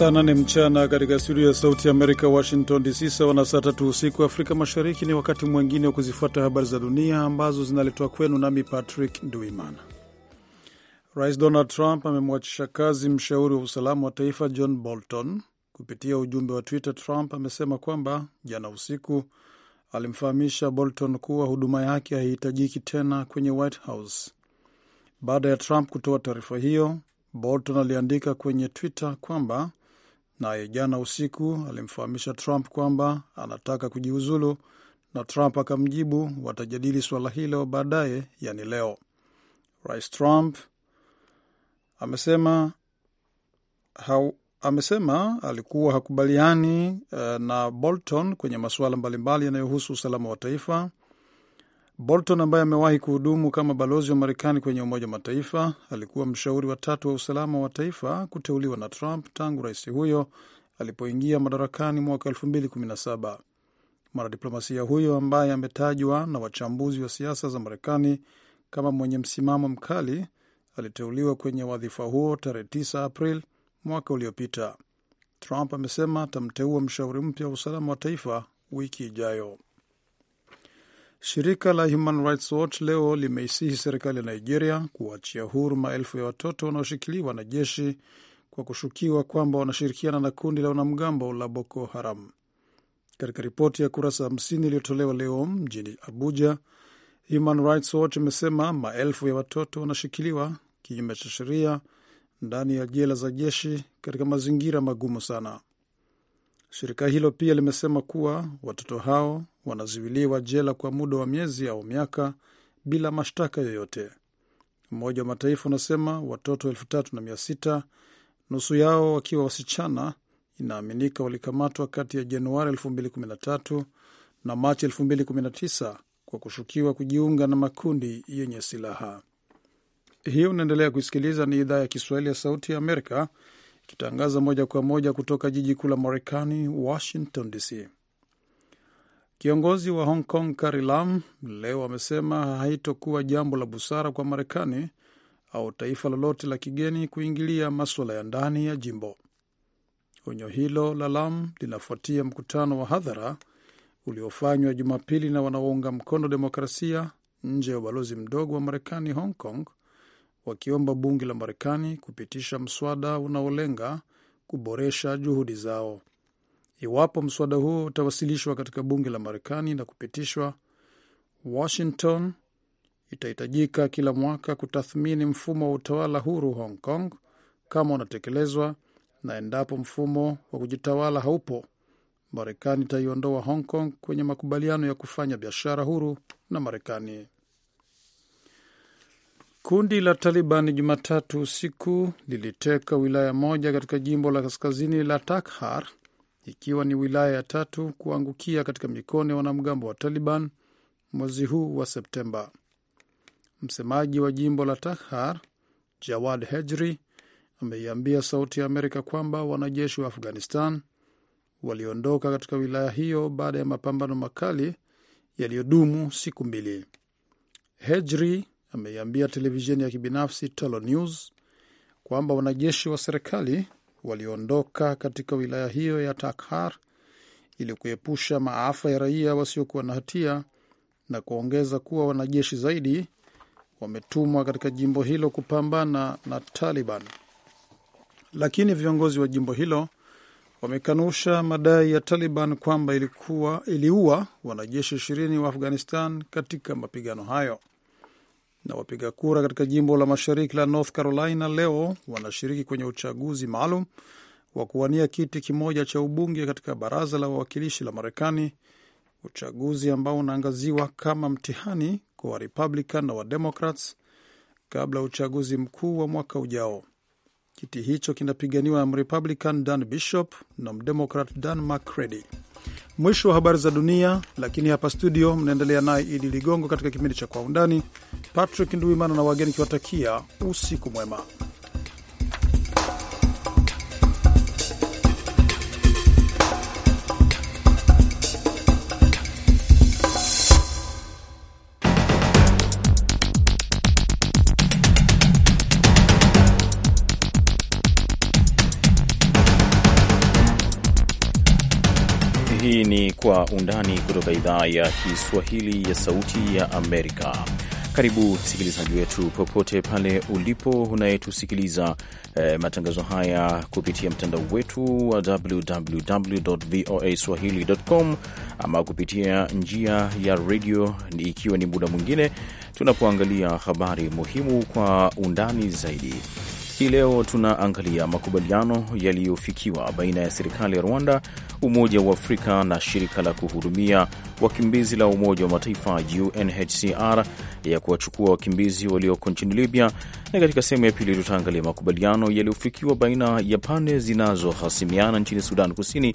saa nane mchana katika studio ya Sauti ya Amerika, Washington DC, sawa na saa tatu usiku Afrika Mashariki. Ni wakati mwingine wa kuzifuata habari za dunia ambazo zinaletwa kwenu nami Patrick Nduimana. Rais Donald Trump amemwachisha kazi mshauri wa usalama wa taifa John Bolton. Kupitia ujumbe wa Twitter, Trump amesema kwamba jana usiku alimfahamisha Bolton kuwa huduma yake haihitajiki tena kwenye White House. Baada ya Trump kutoa taarifa hiyo, Bolton aliandika kwenye Twitter kwamba naye jana usiku alimfahamisha Trump kwamba anataka kujiuzulu, na Trump akamjibu watajadili suala hilo baadaye, yani leo. Rais Trump amesema hau, amesema alikuwa hakubaliani uh, na Bolton kwenye masuala mbalimbali yanayohusu usalama wa taifa Bolton ambaye amewahi kuhudumu kama balozi wa Marekani kwenye Umoja wa Mataifa alikuwa mshauri wa tatu wa usalama wa taifa kuteuliwa na Trump tangu rais huyo alipoingia madarakani mwaka 2017. Mwanadiplomasia huyo ambaye ametajwa na wachambuzi wa siasa za Marekani kama mwenye msimamo mkali aliteuliwa kwenye wadhifa huo tarehe 9 April mwaka uliopita. Trump amesema atamteua mshauri mpya wa usalama wa taifa wiki ijayo. Shirika la Human Rights Watch leo limeisihi serikali ya Nigeria kuachia huru maelfu ya watoto wanaoshikiliwa na jeshi kwa kushukiwa kwamba wanashirikiana na kundi la wanamgambo la Boko Haram. Katika ripoti ya kurasa 50 iliyotolewa leo mjini Abuja, Human Rights Watch imesema maelfu ya watoto wanashikiliwa kinyume cha sheria ndani ya jela za jeshi katika mazingira magumu sana. Shirika hilo pia limesema kuwa watoto hao wanazuiliwa jela kwa muda wa miezi au miaka bila mashtaka yoyote. Umoja wa Mataifa unasema watoto elfu tatu na mia sita, nusu yao wakiwa wasichana, inaaminika walikamatwa kati ya Januari 2013 na Machi 2019 kwa kushukiwa kujiunga na makundi yenye silaha. hii unaendelea kuisikiliza, ni idhaa ya Kiswahili ya Sauti ya Amerika Tutangaza moja kwa moja kutoka jiji kuu la Marekani, Washington DC. Kiongozi wa Hong Kong Carrie Lam leo amesema haitokuwa jambo la busara kwa Marekani au taifa lolote la kigeni kuingilia maswala ya ndani ya jimbo. Onyo hilo la Lam linafuatia mkutano wa hadhara uliofanywa Jumapili na wanaounga mkono demokrasia nje ya ubalozi mdogo wa Marekani Hong Kong, wakiomba bunge la Marekani kupitisha mswada unaolenga kuboresha juhudi zao. Iwapo mswada huo utawasilishwa katika bunge la Marekani na kupitishwa, Washington itahitajika kila mwaka kutathmini mfumo wa utawala huru Hong Kong kama unatekelezwa, na endapo mfumo wa kujitawala haupo, Marekani itaiondoa Hong Kong kwenye makubaliano ya kufanya biashara huru na Marekani. Kundi la Taliban Jumatatu usiku liliteka wilaya moja katika jimbo la kaskazini la Takhar, ikiwa ni wilaya ya tatu kuangukia katika mikono ya wanamgambo wa Taliban mwezi huu wa Septemba. Msemaji wa jimbo la Takhar, Jawad Hejri, ameiambia Sauti ya Amerika kwamba wanajeshi wa Afghanistan waliondoka katika wilaya hiyo baada ya mapambano makali yaliyodumu siku mbili. Hejri ameiambia televisheni ya kibinafsi tolo News kwamba wanajeshi wa serikali waliondoka katika wilaya hiyo ya Takhar ili kuepusha maafa ya raia wasiokuwa na hatia na kuongeza kuwa wanajeshi zaidi wametumwa katika jimbo hilo kupambana na Taliban. Lakini viongozi wa jimbo hilo wamekanusha madai ya Taliban kwamba ilikuwa iliua wanajeshi ishirini wa Afghanistan katika mapigano hayo na wapiga kura katika jimbo la mashariki la North Carolina leo wanashiriki kwenye uchaguzi maalum wa kuwania kiti kimoja cha ubunge katika baraza la wawakilishi la Marekani, uchaguzi ambao unaangaziwa kama mtihani kwa Warepublican na Wademocrats kabla ya uchaguzi mkuu wa mwaka ujao. Kiti hicho kinapiganiwa na Mrepublican Dan Bishop na Mdemokrat Dan McCready. Mwisho wa habari za dunia, lakini hapa studio mnaendelea naye Idi Ligongo katika kipindi cha Kwa Undani. Patrick Nduimana na wageni kiwatakia usiku mwema. kwa undani kutoka idhaa ya Kiswahili ya Sauti ya Amerika. Karibu msikilizaji wetu popote pale ulipo unayetusikiliza eh, matangazo haya kupitia mtandao wetu wa www voa swahili.com ama kupitia njia ya redio, ikiwa ni muda mwingine tunapoangalia habari muhimu kwa undani zaidi. Hii leo tunaangalia makubaliano yaliyofikiwa baina ya serikali ya Rwanda, Umoja wa Afrika na shirika la kuhudumia wakimbizi la Umoja wa Mataifa UNHCR ya kuwachukua wakimbizi walioko nchini Libya, na katika sehemu ya pili tutaangalia makubaliano yaliyofikiwa baina ya pande zinazohasimiana nchini Sudan Kusini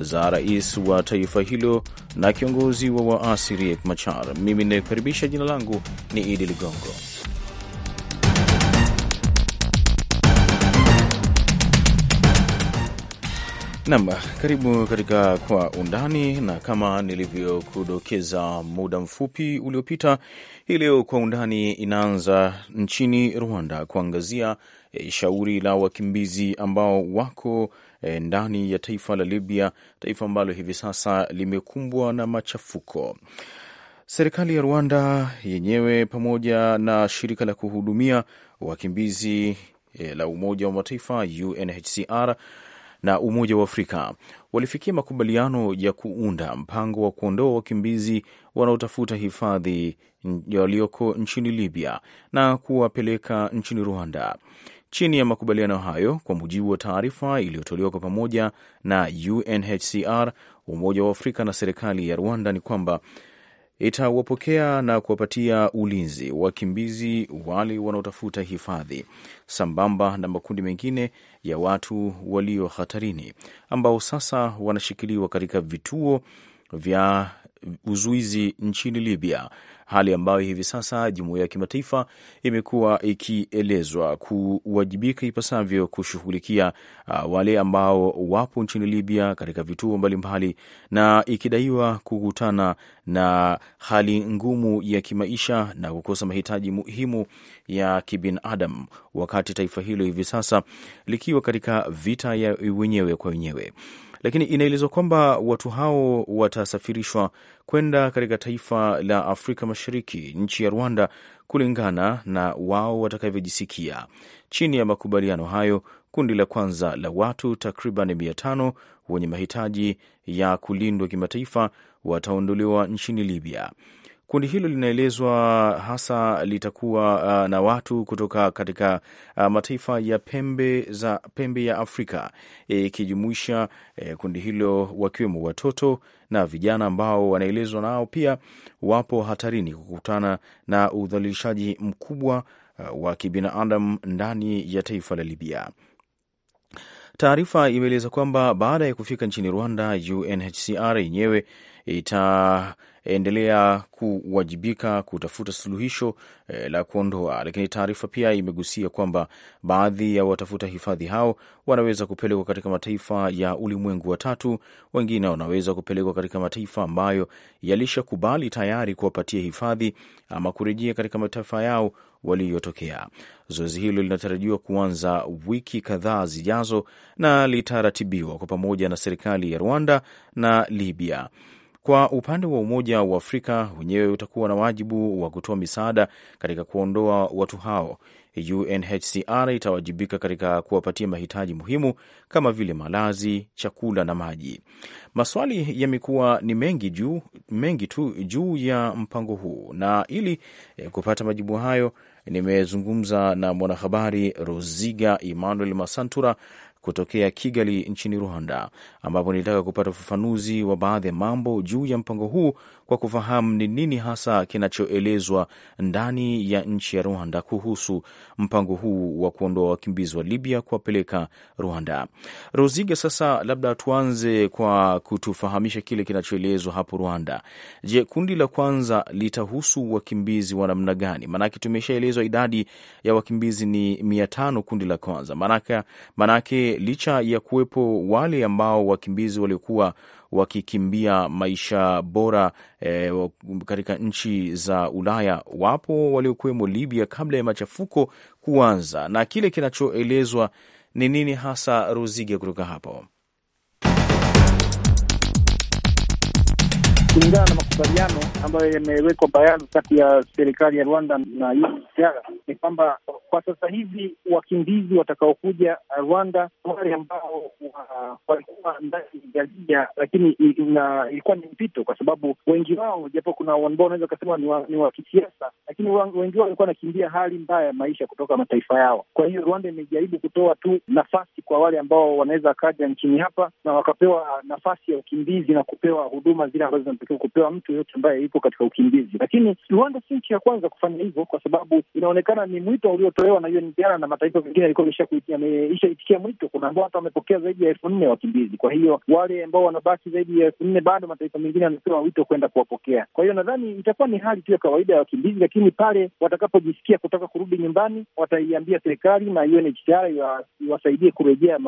za rais wa taifa hilo na kiongozi wa waasi Riek Machar. Mimi ninayekaribisha, jina langu ni Idi Ligongo. Nam, karibu katika Kwa Undani, na kama nilivyokudokeza muda mfupi uliopita, hii leo Kwa Undani inaanza nchini Rwanda kuangazia e, shauri la wakimbizi ambao wako e, ndani ya taifa la Libya, taifa ambalo hivi sasa limekumbwa na machafuko. Serikali ya Rwanda yenyewe pamoja na shirika la kuhudumia wakimbizi e, la Umoja wa Mataifa UNHCR na Umoja wa Afrika walifikia makubaliano ya kuunda mpango wa kuondoa wakimbizi wanaotafuta hifadhi walioko nchini Libya na kuwapeleka nchini Rwanda. Chini ya makubaliano hayo, kwa mujibu wa taarifa iliyotolewa kwa pamoja na UNHCR, Umoja wa Afrika na serikali ya Rwanda, ni kwamba itawapokea na kuwapatia ulinzi wakimbizi wale wanaotafuta hifadhi sambamba na makundi mengine ya watu walio hatarini ambao sasa wanashikiliwa katika vituo vya uzuizi nchini Libya, hali ambayo hivi sasa jumuiya ya kimataifa imekuwa ikielezwa kuwajibika ipasavyo kushughulikia uh, wale ambao wapo nchini Libya katika vituo mbalimbali na ikidaiwa kukutana na hali ngumu ya kimaisha na kukosa mahitaji muhimu ya kibinadamu, wakati taifa hilo hivi sasa likiwa katika vita ya wenyewe kwa wenyewe lakini inaelezwa kwamba watu hao watasafirishwa kwenda katika taifa la Afrika Mashariki, nchi ya Rwanda, kulingana na wao watakavyojisikia. Chini ya makubaliano hayo, kundi la kwanza la watu takriban mia tano wenye mahitaji ya kulindwa kimataifa wataondolewa nchini Libya. Kundi hilo linaelezwa hasa litakuwa uh, na watu kutoka katika uh, mataifa ya pembe za pembe ya Afrika eh, ikijumuisha e, e, kundi hilo wakiwemo watoto na vijana ambao wanaelezwa nao pia wapo hatarini kukutana na udhalilishaji mkubwa uh, wa kibinadamu ndani ya taifa la Libya. Taarifa imeeleza kwamba baada ya kufika nchini Rwanda, UNHCR yenyewe ita endelea kuwajibika kutafuta suluhisho e, la kuondoa. Lakini taarifa pia imegusia kwamba baadhi ya watafuta hifadhi hao wanaweza kupelekwa katika mataifa ya ulimwengu wa tatu, wengine wanaweza kupelekwa katika mataifa ambayo yalishakubali tayari kuwapatia hifadhi ama kurejea katika mataifa yao waliyotokea. Zoezi hilo linatarajiwa kuanza wiki kadhaa zijazo na litaratibiwa kwa pamoja na serikali ya Rwanda na Libya. Kwa upande wa Umoja wa Afrika wenyewe utakuwa na wajibu wa kutoa misaada katika kuondoa watu hao. UNHCR itawajibika katika kuwapatia mahitaji muhimu kama vile malazi, chakula na maji. Maswali yamekuwa ni mengi, juu, mengi tu juu ya mpango huu, na ili eh, kupata majibu hayo nimezungumza na mwanahabari Roziga Emmanuel Masantura kutokea Kigali nchini Rwanda, ambapo nilitaka kupata ufafanuzi wa baadhi ya mambo juu ya mpango huu kwa kufahamu ni nini hasa kinachoelezwa ndani ya nchi ya Rwanda kuhusu mpango huu wa kuondoa wakimbizi wa Libya kuwapeleka Rwanda. Roziga, sasa labda tuanze kwa kutufahamisha kile kinachoelezwa hapo Rwanda. Je, kundi la kwanza litahusu wakimbizi wa namna gani? Maanake tumeshaelezwa idadi ya wakimbizi ni mia tano kundi la kwanza, maanake licha ya kuwepo wale ambao wakimbizi waliokuwa wakikimbia maisha bora e, katika nchi za Ulaya, wapo waliokuwemo Libya kabla ya machafuko kuanza. Na kile kinachoelezwa ni nini hasa, Rozige, kutoka hapo? kulingana na makubaliano ambayo yamewekwa bayana kati ya serikali ya Rwanda na UNHCR ni kwamba kwa sasa hivi wakimbizi watakaokuja Rwanda wale ambao uh, walikuwa ndani ya Libya, lakini ilikuwa ni mpito, kwa sababu wengi wao, japo kuna ambao unaweza ukasema ni wa kisiasa, lakini wengi wao walikuwa wanakimbia hali mbaya ya maisha kutoka mataifa yao. Kwa hiyo Rwanda imejaribu kutoa tu nafasi kwa wale ambao wanaweza wakaja nchini hapa na wakapewa nafasi ya ukimbizi na kupewa huduma zile ambazo inatakiwa kupewa mtu yoyote ambaye yuko katika ukimbizi. Lakini Rwanda si nchi ya kwanza kufanya hivyo, kwa sababu inaonekana ni mwito uliotolewa na UNHCR na mataifa mengine yalikuwa yameishaitikia mwito. Kuna ambao hata wamepokea zaidi ya elfu nne wakimbizi. Kwa hiyo wale ambao wanabaki zaidi ya elfu nne bado mataifa mengine yanapewa wito kwenda kuwapokea. Kwa hiyo nadhani itakuwa ni hali tu ya kawaida ya wakimbizi, lakini pale watakapojisikia kutaka kurudi nyumbani wataiambia serikali na UNHCR iwasaidie kurejea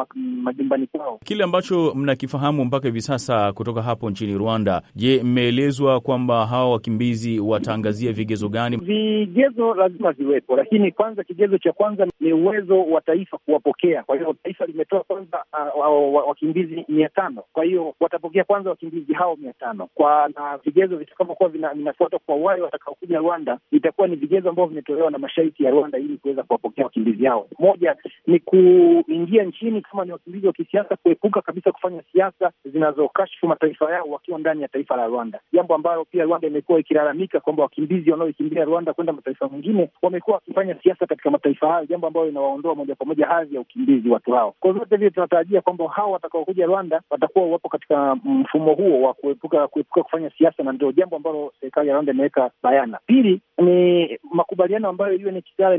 majumbani kwao, kile ambacho mnakifahamu mpaka hivi sasa kutoka hapo nchini Rwanda. Je, mmeelezwa kwamba hawa wakimbizi wataangazia vigezo gani? Vigezo lazima viwepo, lakini kwanza, kigezo cha kwanza ni uwezo wa taifa kuwapokea. Kwa hiyo taifa limetoa kwanza uh, wakimbizi mia tano. Kwa hiyo watapokea kwanza wakimbizi hao mia tano kwa na vigezo vitakavyokuwa vinafuata kwa wale watakaokuja Rwanda, itakuwa ni vigezo ambavyo vimetolewa na masharti ya Rwanda ili kuweza kuwapokea wakimbizi hao. Moja ni kuingia nchini kama ni wakimbizi wa kisiasa, kuepuka kabisa kufanya siasa zinazokashifu mataifa yao wakiwa ndani ya taifa la Rwanda. Rwanda, jambo ambalo pia Rwanda imekuwa ikilalamika kwamba wakimbizi wanaokimbia Rwanda kwenda mataifa mengine wamekuwa wakifanya siasa katika mataifa hayo, jambo ambayo inawaondoa moja kwa moja hadhi ya ukimbizi watu hao. Kwa vyote vile, tunatarajia kwamba hao watakaokuja Rwanda watakuwa wapo katika mfumo huo wa kuepuka kuepuka kufanya siasa, na ndio jambo ambalo serikali ya Rwanda imeweka bayana. Pili ni makubaliano ambayo UNHCR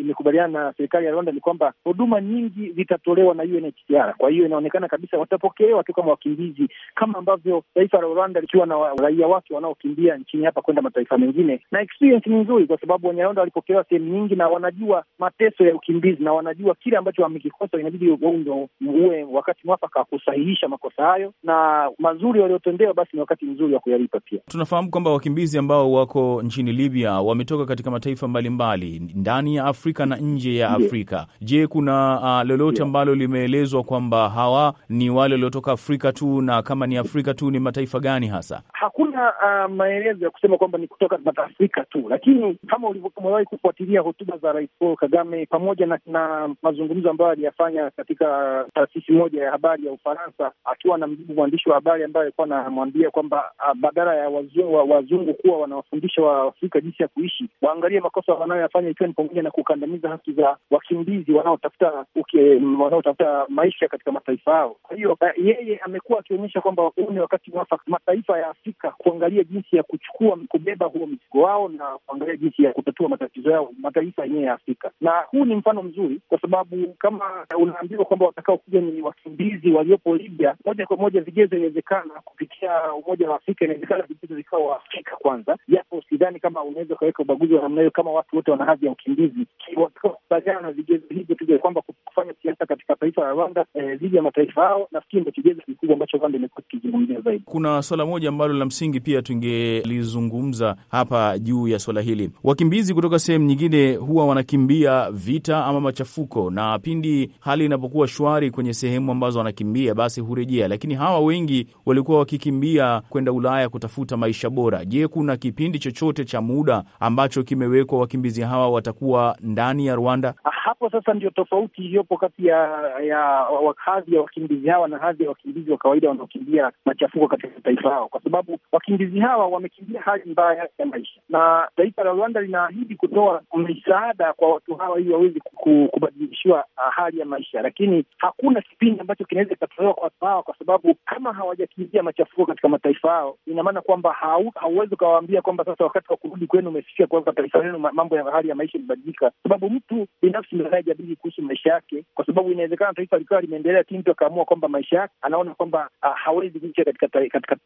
imekubaliana na serikali ya Rwanda ni kwamba huduma nyingi zitatolewa na UNHCR. Kwa hiyo inaonekana kabisa watapokelewa tu kama wakimbizi kama ambavyo taifa la Rwanda likiwa na raia wake wanaokimbia nchini hapa kwenda mataifa mengine, na experience ni nzuri, kwa sababu Wanyarwanda walipokelewa sehemu nyingi na wanajua mateso ya ukimbizi na wanajua kile ambacho wamekikosa, inabidi uwe wakati mwafaka wa kusahihisha makosa hayo, na mazuri waliotendewa, basi ni wakati mzuri wa kuyalipa. Pia tunafahamu kwamba wakimbizi ambao wako nchini Libya wametoka katika mataifa mbalimbali mbali, ndani ya Afrika na nje ya Afrika. Je, kuna uh, lolote ambalo limeelezwa kwamba hawa ni wale waliotoka Afrika tu, na kama ni Afrika tu ni mataifa gani hasa? Hakuna uh, maelezo ya kusema kwamba ni kutoka bara Afrika tu, lakini kama ulivyowahi kufuatilia hotuba za Rais Paul Kagame pamoja na, na mazungumzo ambayo aliyafanya katika taasisi moja ya habari ya Ufaransa, akiwa na mjibu mwandishi wa habari ambaye alikuwa anamwambia kwamba uh, badala ya wazungu, wa, wazungu kuwa wanawafundisha Waafrika jinsi ya kuishi, waangalie makosa wanayoyafanya ikiwa ni pamoja na kukandamiza haki za wakimbizi wanaotafuta wanaotafuta maisha katika mataifa yao. Kwa hiyo uh, yeye amekuwa akionyesha kwamba huu ni wakati mwafaka mataifa ya Afrika kuangalia jinsi ya kuchukua kubeba huo mzigo wao na kuangalia jinsi ya kutatua matatizo yao mataifa yenyewe ya Afrika. Na huu ni mfano mzuri, kwa sababu kama unaambiwa kwamba watakaokuja ni wakimbizi waliopo Libya, moja kwa moja vigezo inawezekana kupitia Umoja wa Afrika, inawezekana vigezo vikawa wa Afrika kwanza, japo sidhani kama unaweza ukaweka ubaguzi wa namna hiyo kama watu wote wana hadhi ya ukimbizi. Watakaokubaliana na vigezo hivyo tu kwamba kufanya siasa katika taifa la Rwanda eh, dhidi eh, ya mataifa hao, nafikiri ndo kigezo kikubwa ambacho Rwanda imekuwa kizungumzia zaidi. Kuna swala moja ambalo la msingi pia tungelizungumza hapa juu ya swala hili. Wakimbizi kutoka sehemu nyingine huwa wanakimbia vita ama machafuko, na pindi hali inapokuwa shwari kwenye sehemu ambazo wanakimbia, basi hurejea, lakini hawa wengi walikuwa wakikimbia kwenda Ulaya kutafuta maisha bora. Je, kuna kipindi chochote cha muda ambacho kimewekwa wakimbizi hawa watakuwa ndani ya Rwanda? Hapo sasa ndio tofauti iliyopo kati ya ya hadhi ya wakimbizi hawa na hadhi ya wakimbizi wa kawaida wanaokimbia machafuko katika taifa lao, kwa sababu wakimbizi hawa wamekimbia hali mbaya ya maisha, na taifa la Rwanda linaahidi kutoa misaada kwa watu hawa ili waweze kubadilishiwa ah, hali ya maisha, lakini hakuna kipindi ambacho kinaweza kikatolewa kwa watu hawa, kwa sababu kama hawajakimbia machafuko katika mataifa yao, ina maana kwamba hauwezi ukawaambia kwamba sasa wakati wa kurudi kwenu umefikia, kwa taifa lenu mambo ya hali ya maisha imebadilika, sababu mtu binafsi ndio jadili kuhusu maisha yake, kwa sababu inawezekana taifa likiwa limeendelea, lakini mtu akaamua kwamba maisha yake anaona kwamba ah, hawezi kuishi katika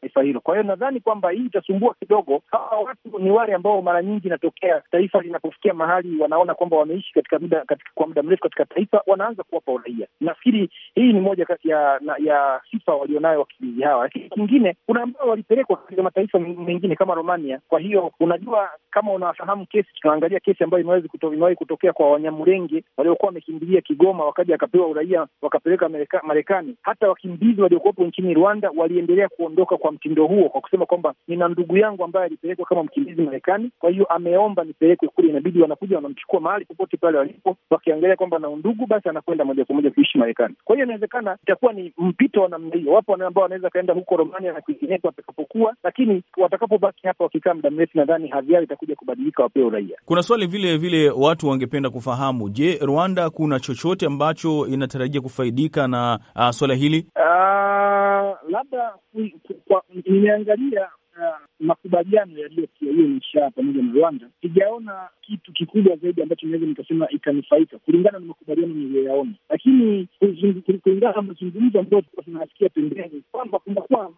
taifa hilo kwa hiyo nadhani kwamba hii itasumbua kidogo. Hawa watu ni wale ambao mara nyingi inatokea taifa linapofikia mahali wanaona kwamba wameishi katika muda katika, kwa muda mrefu katika taifa, wanaanza kuwapa uraia. Nafikiri hii ni moja kati ya na, ya sifa walionayo wakimbizi hawa, lakini kingine kuna ambao walipelekwa katika mataifa mengine kama Romania. Kwa hiyo unajua, kama unafahamu kesi, tunaangalia kesi ambayo imewahi kuto, kutokea kwa Wanyamurenge waliokuwa wamekimbilia Kigoma, wakaja akapewa uraia wakapeleka Marekani. Hata wakimbizi waliokuwepo nchini Rwanda waliendelea kuondoka kwa mtindo huo huo kwa kusema kwamba nina ndugu yangu ambaye alipelekwa kama mkimbizi Marekani, kwa hiyo ameomba nipelekwe kule. Inabidi wanakuja wanamchukua mahali popote pale walipo, wakiangalia kwamba na undugu, basi anakwenda moja kwa moja kuishi Marekani. Kwa hiyo inawezekana itakuwa ni mpito wa namna hiyo. Wapo ambao wanaweza kaenda huko Romania na kwingineko watakapokuwa, lakini watakapobaki hapa wakikaa muda mrefu, nadhani hadhi yao itakuja kubadilika, wapewe uraia. Kuna swali vile vile watu wangependa kufahamu, je, Rwanda kuna chochote ambacho inatarajia kufaidika na uh, swala hili uh, labda Ukiangalia uh, makubaliano yaliyoiyo na pamoja na Rwanda, sijaona kitu kikubwa zaidi ambacho naweza nikasema ikanufaika kulingana na makubaliano niliyoyaona, lakini kulingana na mazungumzo ambayo tulikuwa tunasikia pembeni kwamba kunakuwa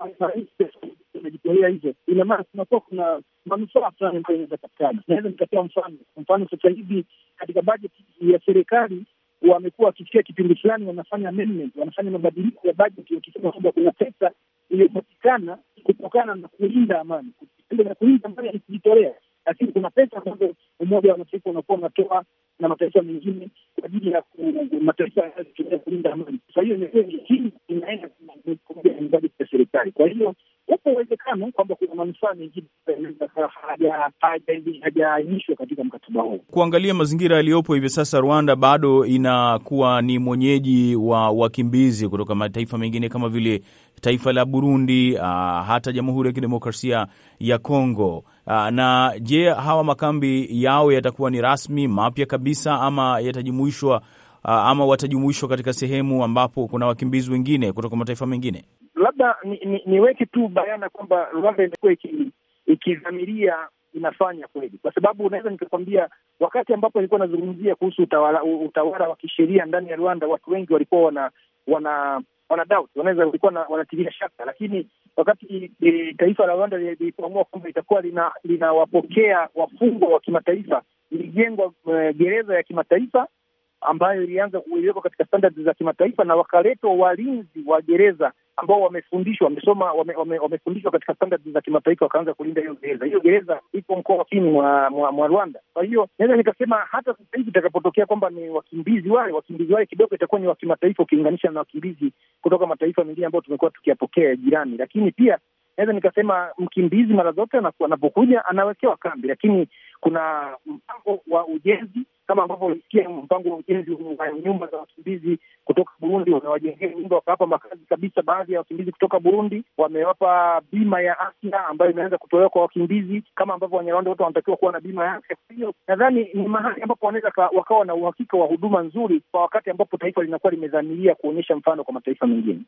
najitolea hizo, ina maana kunakuwa kuna manufaa fulani ambayo inaweza patikana. Naweza nikatoa mfano, kwa mfano sasa hivi katika bajeti ya serikali wamekuwa wakifikia kipindi fulani wanafanya amendment, wanafanya mabadiliko ya bajeti wakisema kwamba kuna pesa iliyopatikana kutokana na kulinda amani, kulinda amani kujitolea lakini kuna pesa ambazo Umoja wa Mataifa unakuwa unatoa na mataifa mengine kwa ajili ya mataifa yanayotumia kulinda amani. Kwa hiyo hii inaenda miradi ya serikali. Kwa hiyo upo uwezekano kwamba kuna manufaa mengine hajaainishwa katika mkataba huu. Kuangalia mazingira yaliyopo hivi sasa, Rwanda bado inakuwa ni mwenyeji wa wakimbizi kutoka mataifa mengine kama vile taifa la Burundi, uh, hata Jamhuri ya Kidemokrasia ya Kongo. Ah, na je, hawa makambi yao yatakuwa ni rasmi mapya kabisa ama yatajumuishwa uh, ama watajumuishwa katika sehemu ambapo kuna wakimbizi wengine kutoka mataifa mengine? Labda niweke ni, ni tu bayana kwamba Rwanda imekuwa ikidhamiria inafanya kweli, kwa sababu unaweza nikakwambia, wakati ambapo ilikuwa nazungumzia kuhusu utawala, utawala wa kisheria ndani ya Rwanda, watu wengi walikuwa wana wana wana doubt, wanaweza walikuwa wanatilia shaka, lakini wakati e, taifa la Rwanda lilipoamua kwamba litakuwa linawapokea lina wafungwa wa kimataifa, ilijengwa e, gereza ya kimataifa ambayo ilianza kuwekwa katika standards za kimataifa na wakaletwa walinzi wa gereza ambao wamefundishwa wamesoma wame, wamefundishwa katika standard za kimataifa wakaanza kulinda hiyo gereza. Hiyo gereza iko mkoa wa chini mwa, mwa, mwa Rwanda. Kwa hiyo naweza nikasema hata sasa hivi itakapotokea kwamba ni wakimbizi wale wakimbizi wale kidogo itakuwa ni wa kimataifa ukilinganisha na wakimbizi kutoka mataifa mengine ambayo tumekuwa tukiyapokea jirani, lakini pia naweza nikasema mkimbizi mara zote anapokuja anawekewa kambi, lakini kuna mpango wa ujenzi kama ambavyo ulisikia mpango wa ujenzi wa nyumba za wakimbizi kutoka Burundi, wamewajengea nyumba, wakawapa makazi kabisa. Baadhi ya wakimbizi kutoka Burundi wamewapa bima ya afya ambayo imeanza kutolewa kwa wakimbizi, kama ambavyo Wanyarwanda wote wanatakiwa kuwa na bima ya afya. Kwa hiyo nadhani ni mahali ambapo wanaweza wakawa na uhakika wa huduma nzuri, kwa wakati ambapo taifa linakuwa limedhamiria kuonyesha mfano kwa mataifa mengine.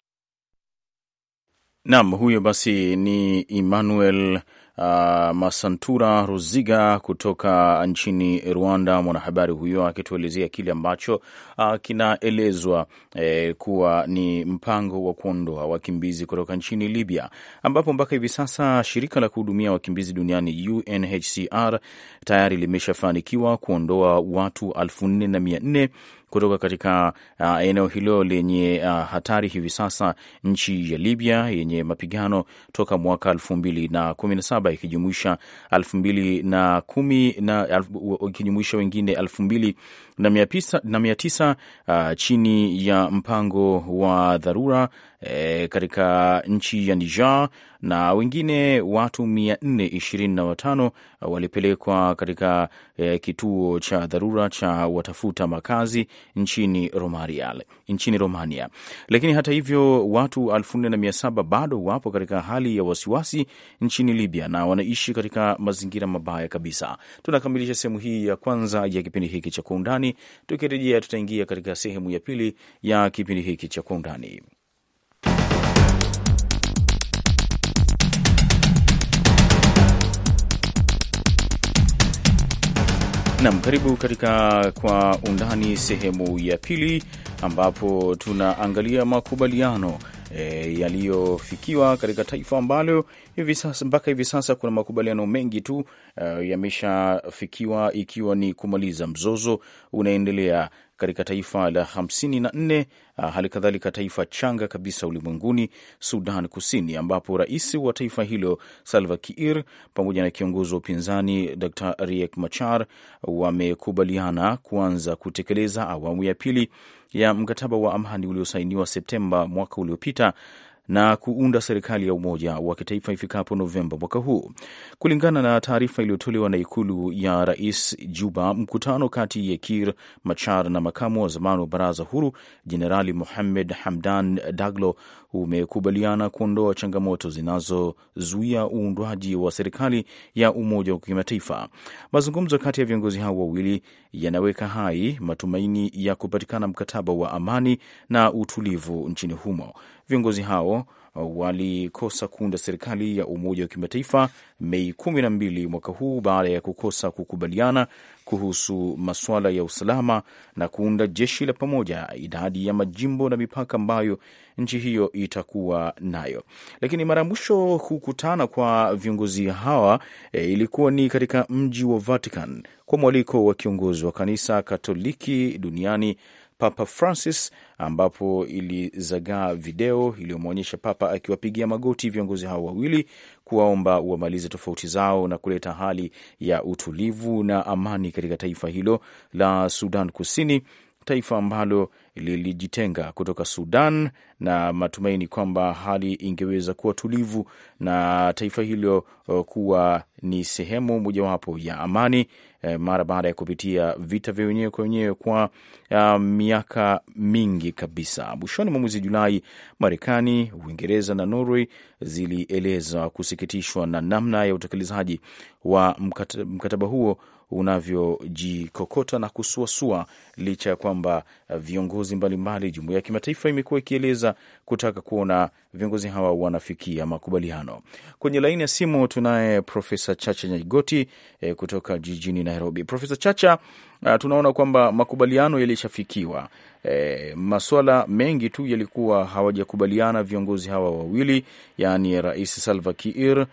Naam, huyo basi ni Emmanuel Uh, Masantura Ruziga kutoka nchini Rwanda, mwanahabari huyo akituelezea kile ambacho uh, kinaelezwa eh, kuwa ni mpango wa kuondoa wakimbizi kutoka nchini Libya, ambapo mpaka hivi sasa shirika la kuhudumia wakimbizi duniani UNHCR tayari limeshafanikiwa kuondoa watu elfu nne na mia nne kutoka katika uh, eneo hilo lenye uh, hatari hivi sasa, nchi ya Libya yenye mapigano toka mwaka elfu mbili na kumi na saba ikijumuisha elfu mbili na kumi na ikijumuisha wengine elfu mbili na mia tisa, na mia tisa uh, chini ya mpango wa dharura eh, katika nchi ya Niger na wengine watu 425 uh, walipelekwa katika eh, kituo cha dharura cha watafuta makazi nchini Romania, nchini Romania. Lakini hata hivyo watu 4700 bado wapo katika hali ya wasiwasi nchini Libya na wanaishi katika mazingira mabaya kabisa. Tunakamilisha sehemu hii ya kwanza ya kipindi hiki cha Kwa Undani. Tukirejea tutaingia katika sehemu ya pili ya kipindi hiki cha Kwa Undani. Nam, karibu katika Kwa Undani sehemu ya pili, ambapo tunaangalia makubaliano e, yaliyofikiwa katika taifa ambalo hivi sasa, mpaka hivi sasa kuna makubaliano mengi tu uh, yameshafikiwa ikiwa ni kumaliza mzozo unaendelea katika taifa la hamsini na nne uh, hali kadhalika taifa changa kabisa ulimwenguni Sudan Kusini, ambapo rais wa taifa hilo Salva Kiir pamoja na kiongozi wa upinzani Dr Riek Machar wamekubaliana kuanza kutekeleza awamu ya pili ya mkataba wa amani uliosainiwa Septemba mwaka uliopita na kuunda serikali ya umoja wa kitaifa ifikapo Novemba mwaka huu, kulingana na taarifa iliyotolewa na ikulu ya rais Juba. Mkutano kati ya Kir Machar na makamu wa zamani wa baraza huru Jenerali Mohamed Hamdan Daglo umekubaliana kuondoa changamoto zinazozuia uundwaji wa serikali ya umoja wa kimataifa. Mazungumzo kati ya viongozi hao wawili yanaweka hai matumaini ya kupatikana mkataba wa amani na utulivu nchini humo. Viongozi hao walikosa kuunda serikali ya umoja wa kimataifa Mei kumi na mbili mwaka huu baada ya kukosa kukubaliana kuhusu masuala ya usalama na kuunda jeshi la pamoja, idadi ya majimbo na mipaka ambayo nchi hiyo itakuwa nayo. Lakini mara ya mwisho kukutana kwa viongozi hawa e, ilikuwa ni katika mji wa Vatican kwa mwaliko wa kiongozi wa kanisa Katoliki duniani Papa Francis, ambapo ilizagaa video iliyomwonyesha Papa akiwapigia magoti viongozi hao wawili kuwaomba wamalize tofauti zao na kuleta hali ya utulivu na amani katika taifa hilo la Sudan Kusini taifa ambalo lilijitenga kutoka Sudan na matumaini kwamba hali ingeweza kuwa tulivu na taifa hilo uh, kuwa ni sehemu mojawapo ya amani eh, mara baada ya kupitia vita vya wenyewe kwa wenyewe kwa uh, miaka mingi kabisa. Mwishoni mwa mwezi Julai, Marekani, Uingereza na Norway zilieleza kusikitishwa na namna ya utekelezaji wa mkataba huo unavyojikokota na kusuasua, licha ya kwamba viongozi mbalimbali, jumuia ya kimataifa imekuwa ikieleza kutaka kuona viongozi hawa wanafikia makubaliano. Kwenye laini ya simu tunaye Profesa Chacha Nyaigoti eh, kutoka jijini Nairobi. Profesa Chacha, uh, tunaona kwamba makubaliano yalishafikiwa. E, maswala mengi tu yalikuwa hawajakubaliana viongozi hawa wawili, yani Rais Salva Kiir uh,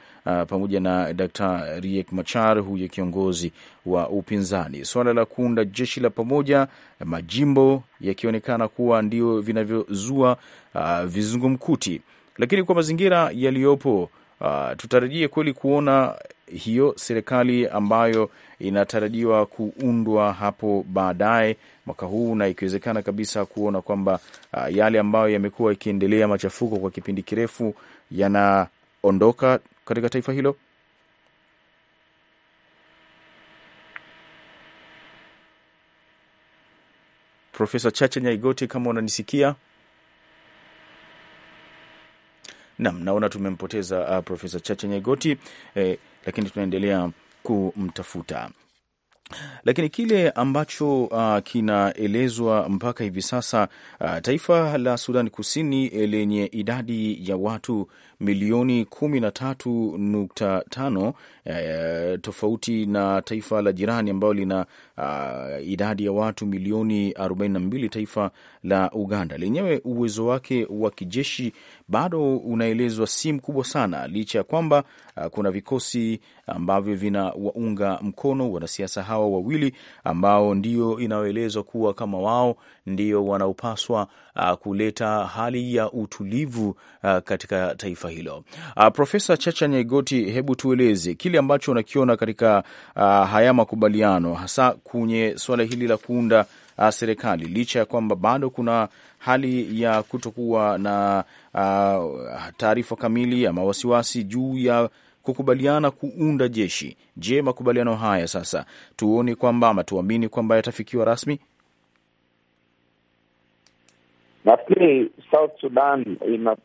pamoja na Dr. Riek Machar, huyo kiongozi wa upinzani. Swala la kuunda jeshi la pamoja, majimbo yakionekana kuwa ndio vinavyozua uh, vizungumkuti, lakini kwa mazingira yaliyopo uh, tutarajie kweli kuona hiyo serikali ambayo inatarajiwa kuundwa hapo baadaye mwaka huu, na ikiwezekana kabisa kuona kwamba uh, yale ambayo yamekuwa ikiendelea machafuko kwa kipindi kirefu yanaondoka katika taifa hilo. Profesa Chacha Nyaigoti, kama unanisikia nam, naona tumempoteza uh, Profesa Chacha Nyaigoti eh, lakini tunaendelea kumtafuta. Lakini kile ambacho uh, kinaelezwa mpaka hivi sasa uh, taifa la sudani Kusini eh, lenye idadi ya watu milioni 13.5 eh, tofauti na taifa la jirani ambayo lina uh, idadi ya watu milioni 42, taifa la Uganda. Lenyewe uwezo wake wa kijeshi bado unaelezwa si mkubwa sana, licha ya kwamba uh, kuna vikosi ambavyo vina waunga mkono wanasiasa hawa wawili ambao ndio inayoelezwa kuwa kama wao ndio wanaopaswa uh, kuleta hali ya utulivu uh, katika taifa taifa hilo. Uh, ah, Profesa Chacha Nyaigoti, hebu tueleze kile ambacho unakiona katika uh, haya makubaliano hasa kwenye suala hili la kuunda uh, serikali, licha ya kwamba bado kuna hali ya kutokuwa na uh, taarifa kamili ama wasiwasi juu ya kukubaliana kuunda jeshi. Je, makubaliano haya sasa tuone kwamba ama tuamini kwamba yatafikiwa rasmi? Nafikiri South Sudan ina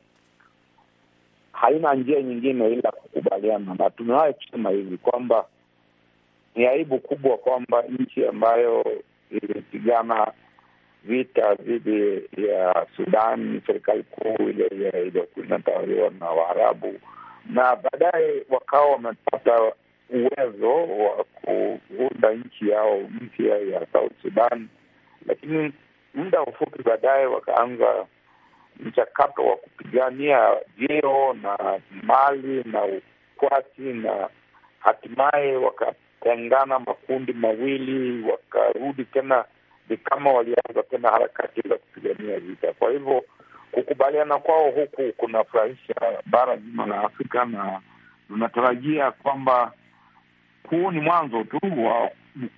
haina njia nyingine ila kukubaliana, na tumewahi kusema hivi kwamba ni aibu kubwa kwamba nchi ambayo ilipigana vita dhidi ya Sudan, serikali kuu ile iliyokuwa inatawaliwa na Waarabu, na baadaye wakawa wamepata uwezo wa kuunda nchi yao mpya ya South Sudan, lakini muda mfupi baadaye wakaanza mchakato wa kupigania vyeo na mali na ukwasi, na hatimaye wakatengana makundi mawili, wakarudi tena, ni kama walianza tena harakati za kupigania vita. Kwa hivyo kukubaliana kwao huku kunafurahisha bara zima la Afrika, na tunatarajia kwamba huu ni mwanzo tu wa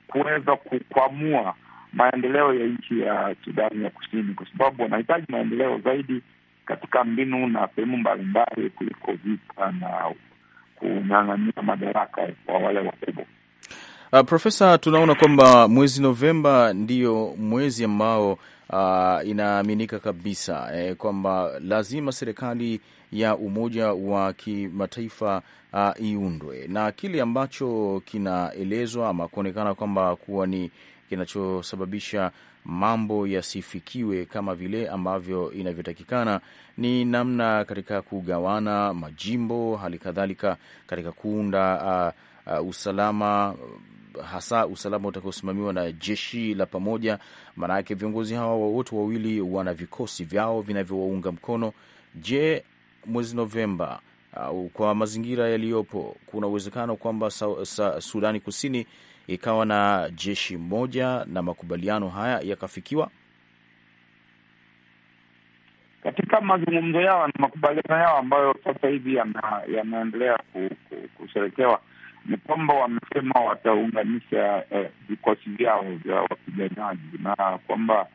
kuweza kukwamua maendeleo ya nchi ya Sudani ya Kusini, kwa sababu wanahitaji maendeleo zaidi katika mbinu na sehemu mbalimbali kuliko vita na kung'ang'ania madaraka kwa wale wakubwa. Uh, Profesa, tunaona kwamba mwezi Novemba ndiyo mwezi ambao uh, inaaminika kabisa eh, kwamba lazima serikali ya umoja wa kimataifa uh, iundwe na kile ambacho kinaelezwa ama kuonekana kwamba kuwa ni kinachosababisha mambo yasifikiwe kama vile ambavyo inavyotakikana ni namna katika kugawana majimbo, hali kadhalika katika kuunda uh, uh, usalama hasa usalama utakaosimamiwa na jeshi la pamoja. Maanake viongozi hawa wote wawili wana vikosi vyao vinavyowaunga mkono. Je, mwezi Novemba uh, kwa mazingira yaliyopo, kuna uwezekano kwamba Sudani Kusini ikawa na jeshi moja na makubaliano haya yakafikiwa? Katika mazungumzo yao na makubaliano yao ambayo sasa hivi yanaendelea ku, kusherekewa ni kwamba wamesema wataunganisha eh, vikosi eh, vyao vya wapiganaji na kwamba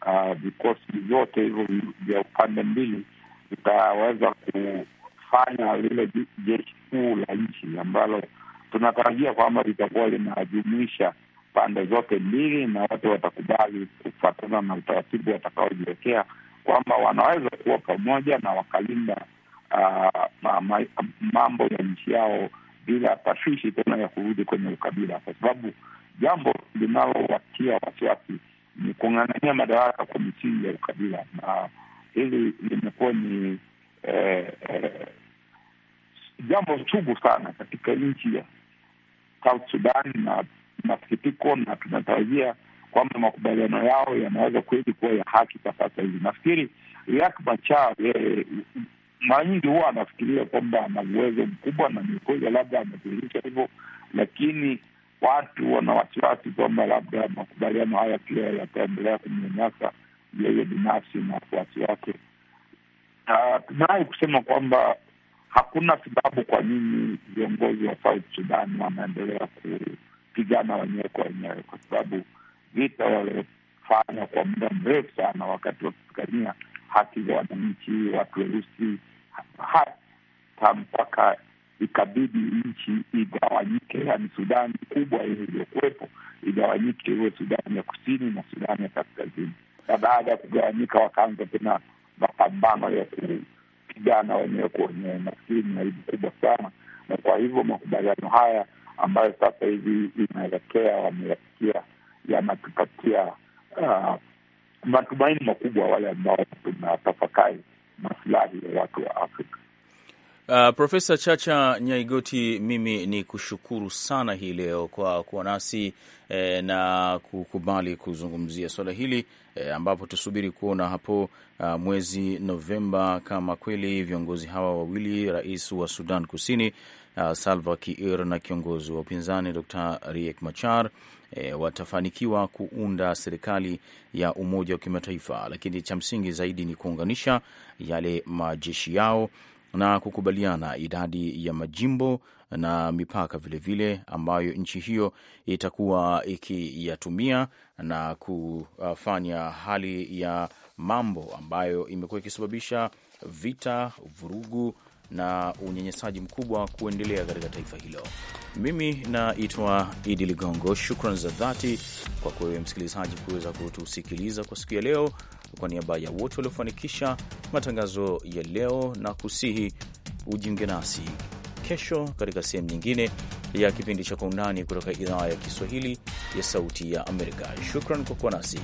ah, vikosi uh, vyote hivyo vya upande mbili vitaweza kufanya lile jeshi kuu la nchi ambalo tunatarajia kwamba litakuwa linajumuisha pande zote mbili na wote watakubali kufuatana na utaratibu watakaojiwekea kwamba wanaweza kuwa pamoja na wakalinda uh, ma, ma, mambo ya nchi yao bila tashwishi tena ya kurudi kwenye ukabila, kwa sababu jambo linalowatia wasiwasi ni kung'ang'ania madaraka kwa misingi ya ukabila, na hili limekuwa ni eh, eh, jambo sugu sana katika nchi South Sudan, na masikitiko na tunatarajia kwamba makubaliano yao yanaweza kweli kuwa ya haki kwa sasa hivi. Nafikiri Riek Machar eh, mara nyingi huwa anafikiria kwamba ana uwezo mkubwa, na ni kweli labda amedhihirisha hivyo, lakini watu wana wasiwasi kwamba labda makubaliano haya pia yataendelea kumnyanyasa yeye binafsi na wafuasi wake. Tunaye kusema kwamba hakuna sababu kwa nini viongozi wa South Sudan wanaendelea kupigana wenyewe kwa wenyewe, kwa sababu vita walifanya kwa muda mrefu sana, wakati wakipigania haki za wananchi watu weusi, hata mpaka ikabidi nchi igawanyike, yani Sudani kubwa hiyo iliyokuwepo igawanyike, iwe Sudani ya kusini na Sudani ya kaskazini, na baada ya kugawanyika wakaanza tena mapambano ya kupigana wenyewe kwa wenyewe. Nafikiri ni aibu kubwa sana, na kwa hivyo makubaliano haya ambayo sasa hivi inaelekea wameyafikia yanatupatia uh, matumaini makubwa wale ambao tunatafakari masilahi ya watu wa Afrika. Uh, Profesa Chacha Nyaigoti, mimi ni kushukuru sana hii leo kwa kuwa nasi eh, na kukubali kuzungumzia swala hili eh, ambapo tusubiri kuona hapo uh, mwezi Novemba kama kweli viongozi hawa wawili, rais wa Sudan Kusini uh, Salva Kiir na kiongozi wa upinzani Dr. Riek Machar E, watafanikiwa kuunda serikali ya umoja wa kimataifa, lakini cha msingi zaidi ni kuunganisha yale majeshi yao na kukubaliana idadi ya majimbo na mipaka vilevile vile ambayo nchi hiyo itakuwa ikiyatumia na kufanya hali ya mambo ambayo imekuwa ikisababisha vita, vurugu na unyanyasaji mkubwa kuendelea katika taifa hilo. Mimi naitwa Idi Ligongo. Shukran za dhati kwa kuwewe msikilizaji kuweza kutusikiliza kwa siku ya leo. Kwa niaba ya wote waliofanikisha matangazo ya leo na kusihi ujiunge nasi kesho katika sehemu nyingine ya kipindi cha Kwa Undani kutoka idhaa ya Kiswahili ya Sauti ya Amerika. Shukran kwa kuwa nasi.